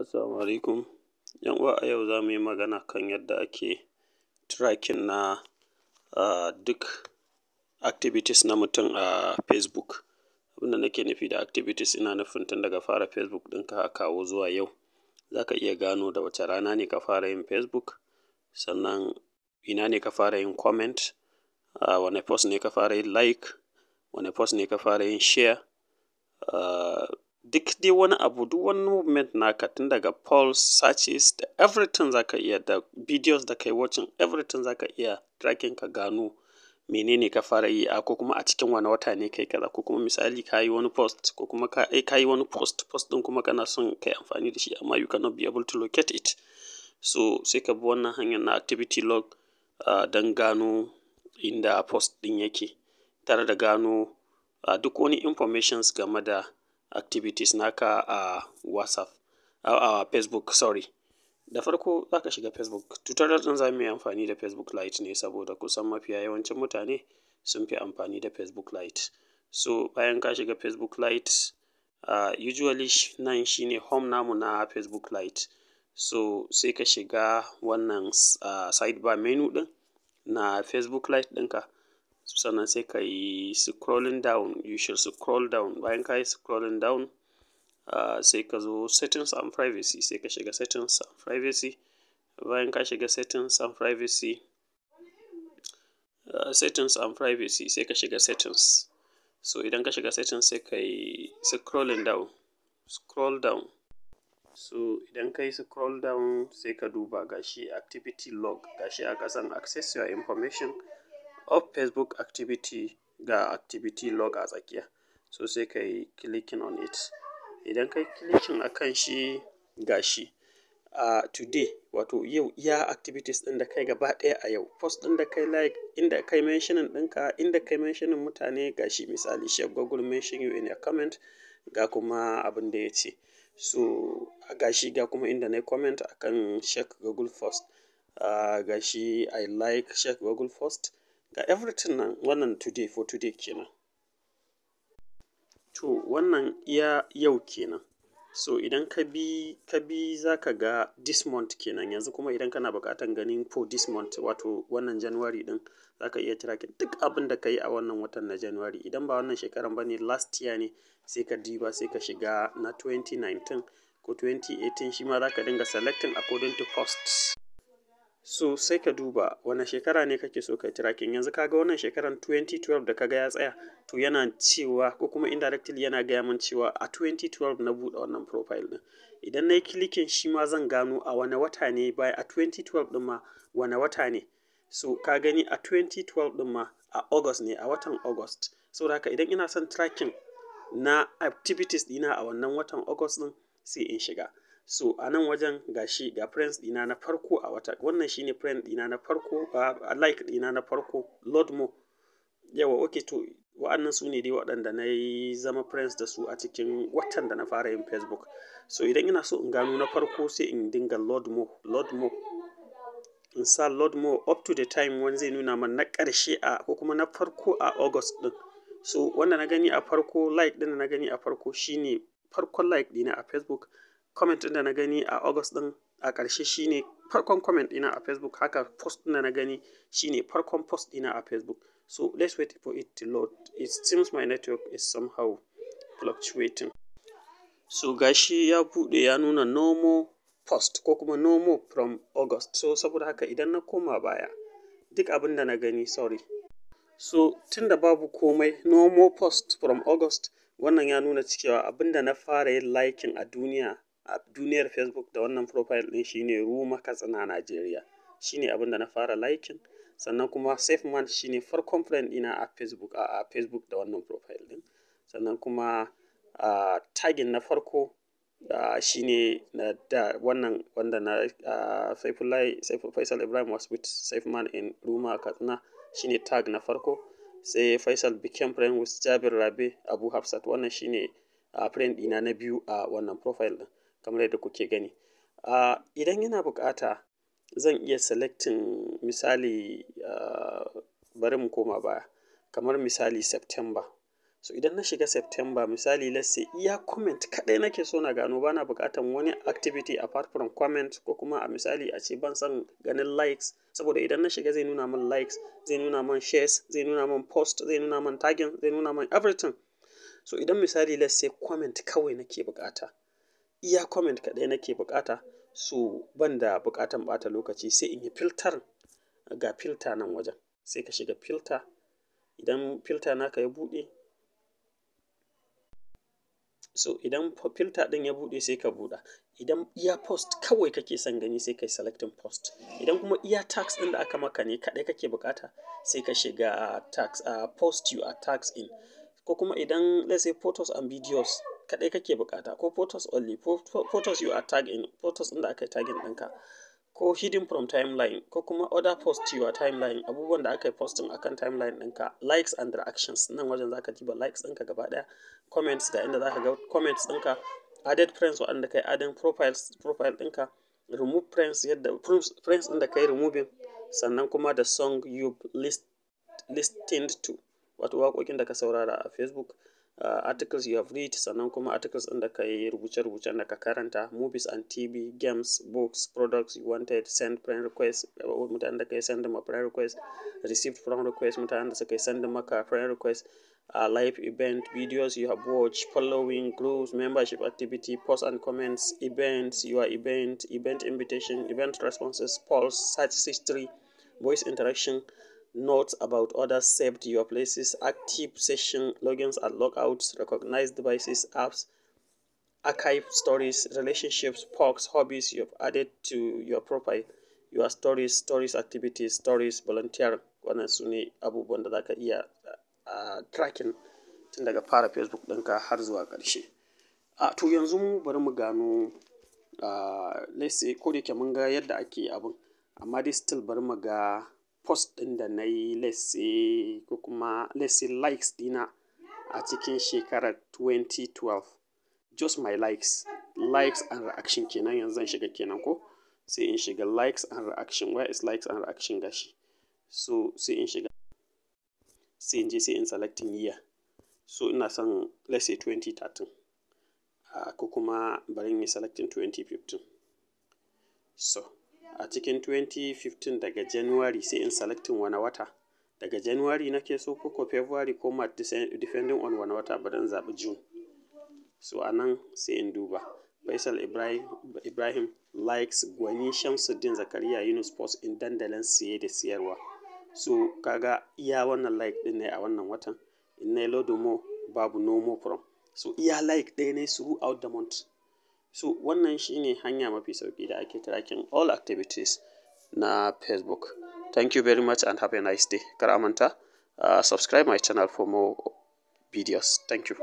Assalamu alaikum. ‘Yan uwa a yau za mu yi magana kan yadda ake tracking na duk activities na mutum a Facebook. abinda da nake nufi da activities ina nufin tun daga fara Facebook ɗinka a kawo zuwa yau. Za ka iya gano da wace rana ne ka fara yin Facebook, sannan ina ne ka fara yin comment, wane post ne ka fara yin like, wane post ne ka fara yin share. duk dai wani abu duk wani movement naka tun daga pulse searches da everything zaka iya da videos da kai watching everything zaka iya tracking ka gano menene ka fara yi a ko kuma a cikin wani wata ne kai kaza ko kuma misali ka yi wani post ko kuma ka eh, ka yi wani post post ɗin kuma kana son kai amfani da shi amma you cannot be able to locate it so sai ka bi wannan hanyar na activity log uh, don gano inda post din yake tare da gano uh, duk wani informations game da activities naka a WhatsApp, a Facebook, sorry. Da farko zaka shiga Facebook. Tutorial ɗin za yi amfani da Facebook Lite ne saboda kusan mafiya yawancin mutane sun fi amfani da Facebook Lite. So bayan ka shiga Facebook Lite, uh, usually nan shine home namu na Facebook Lite. So sai ka shiga wannan uh, sidebar menu ɗin na Facebook Lite ɗinka. sannan sai ka yi scrolling down you should scroll down bayan ka yi scrolling down uh, sai ka zo settings and privacy sai ka shiga settings and privacy bayan ka shiga settings and privacy uh, settings and privacy sai ka shiga settings so idan ka shiga settings sai ka yi scrolling down scroll down so idan ka yi scroll down sai ka duba gashi activity log gashi a kasan access your information of Facebook activity ga activity log a tsakiya. So sai ka clicking on it. Idan Kai yi clicking akan shi gashi, today wato yau iya activities ɗin da kai gaba ɗaya a yau. Post ɗin da kai like, inda kai mentioning ɗinka, inda kai mentioning mutane gashi misali shek Google mention you in a comment ga kuma abin da ya ce. So gashi ga kuma inda na comment akan shek Google post. gashi I like shek Google post. ga everything nan wannan today for today kenan to wannan iya yau kenan so idan ka bi ka bi zaka ga this month kenan yanzu kuma idan kana bukatan ganin for this month wato wannan january din zaka iya tracking duk abin da kayi a wannan watan na january idan ba wannan shekaran bane last year ne sai ka diba sai ka shiga na 2019 ko 2018 shi ma zaka dinga selecting according to posts so sai ka duba wani shekara ne kake so kai tracking yanzu kaga wannan shekaran 2012 da kaga ya tsaya to yana cewa ko kuma indirectly yana gaya min cewa a 2012 na buɗe wannan profile din idan na yi kilikin shi ma zan gano a wani wata ne bai a 2012 din ma wani wata ne so ka gani a 2012 din ma a august ne a watan august saboda haka idan ina son tracking na activities dina a wannan watan august din sai in shiga so a nan wajen gashi ga friends dina na farko a wata wannan shine friend dina na farko a like dina na farko lord mo yawa okay to wa'annan su ne dai waɗanda na yi zama friends da su a cikin watan da na fara yin facebook so idan ina so in gano na farko sai in dinga lord mo lord mo in sa lord mo up to the time wani zai nuna man na ƙarshe a ko kuma na farko a august din so wanda na gani a farko like din na gani a farko shine farkon like dina a facebook comment ɗin da na gani a August ɗin a ƙarshe shine farkon comment ɗina a Facebook haka post ɗin da na gani shine farkon post ɗina a Facebook so let's wait for it to load it seems my network is somehow fluctuating so gashi ya buɗe ya nuna nomo post ko kuma nomo from August so saboda haka idan na koma baya duk abin da na gani sorry so tunda babu komai nomo post from August wannan ya nuna cewa abin da na fara yin liking a duniya a duniyar Facebook da wannan profile din shine Ruma Katsina nigeria Shine abin da na fara likin sannan kuma Safe Man shine farkon friend ɗina a Facebook a, Facebook da wannan profile din Sannan kuma a tagin na farko da shine na da wannan wanda na a Saifullahi Faisal Ibrahim was with Safe Man in Ruma Katsina shine tag na farko. Sai Faisal bikin friend with Jabir Rabe Abu Hafsat wannan shine a friend ɗina na biyu a wannan profile din. kamar yadda kuke gani a idan yana bukata zan iya selectin misali uh, bari mu koma baya kamar misali September so idan na shiga September misali let's say iya comment kaɗai nake so na gano bana bukatan wani activity apart from comment ko kuma a misali a ce ban san ganin likes saboda idan na shiga zai nuna man likes zai nuna man shares zai nuna man post zai nuna man tagging zai nuna man everything so idan misali let's say comment kawai nake bukata. iya comment kaɗai nake buƙata so ban da buƙatan ɓata lokaci sai in yi filter ga filter nan wajen sai ka shiga filter idan filter naka ya buɗe so idan filter ɗin ya buɗe sai ka buɗa idan iya post kawai kake son gani sai kai selecting post idan kuma iya tax ɗin da aka maka ne kaɗai kake buƙata sai ka shiga tax post you are tax in ko kuma idan let's say photos and videos kaɗai kake buƙata ko photos only photos you are tagging photos ɗin da aka yi tagging ɗinka ko hidden from timeline ko kuma other post your timeline abubuwan da aka yi posting akan timeline ɗinka likes and reactions nan wajen za ka jiba likes ɗinka gaba ɗaya comments ga inda zaka ga comments ɗinka added friends waɗanda kai adding profiles profile ɗinka remove friends yadda friends ɗin da kai removing sannan kuma da song you list listened to wato waƙoƙin da ka saurara a Facebook uh, articles you have read sannan kuma articles ɗin da ka yi rubuce-rubucen da ka karanta movies and tv games books products you wanted send friend request uh, mutanen da ka yi send ma friend request received friend request mutanen da suka yi send maka friend request uh, live event videos you have watched following groups membership activity posts and comments events your event event invitation event responses polls search history voice interaction notes about others saved your places, active session logins and logouts, recognized devices, apps, archive stories, relationships, perks, hobbies you've added to your profile, your stories, stories activities, stories volunteer wannan su ne abubuwan da za ka iya tracking tun daga fara facebook ɗinka har zuwa ƙarshe a to yanzu mu bari mu gano a lese ko da mun ga yadda ake abin amma dai still bari mu ga post ɗin da na yi let's ko kuma let's likes dina a cikin shekarar 2012 just my likes likes and reaction kenan yanzu zan shiga kenan ko sai in shiga likes and reaction where is likes and reaction gashi so sai in shiga sai in je sai in selecting year so ina son let's say 2013 uh, ah, ko kuma bari in yi selecting 2015 so a cikin 2015 daga January sai in selecting wani wata daga January nake so ko ko February ko March depending on wani wata bari in zaɓi June so a nan sai in duba Faisal Ibrahim, likes Gwani Shamsuddin Zakariya Yunus Post in dandalin siye da siyarwa so kaga iya wannan like din ne a wannan watan in na lodomo babu no more from so iya like ɗaya ne throughout the month So wannan shi ne hanya mafi sauki da ake tracking all activities na Facebook. Thank you very much and have a nice day. Kar a manta, uh, subscribe my channel for more videos. Thank you.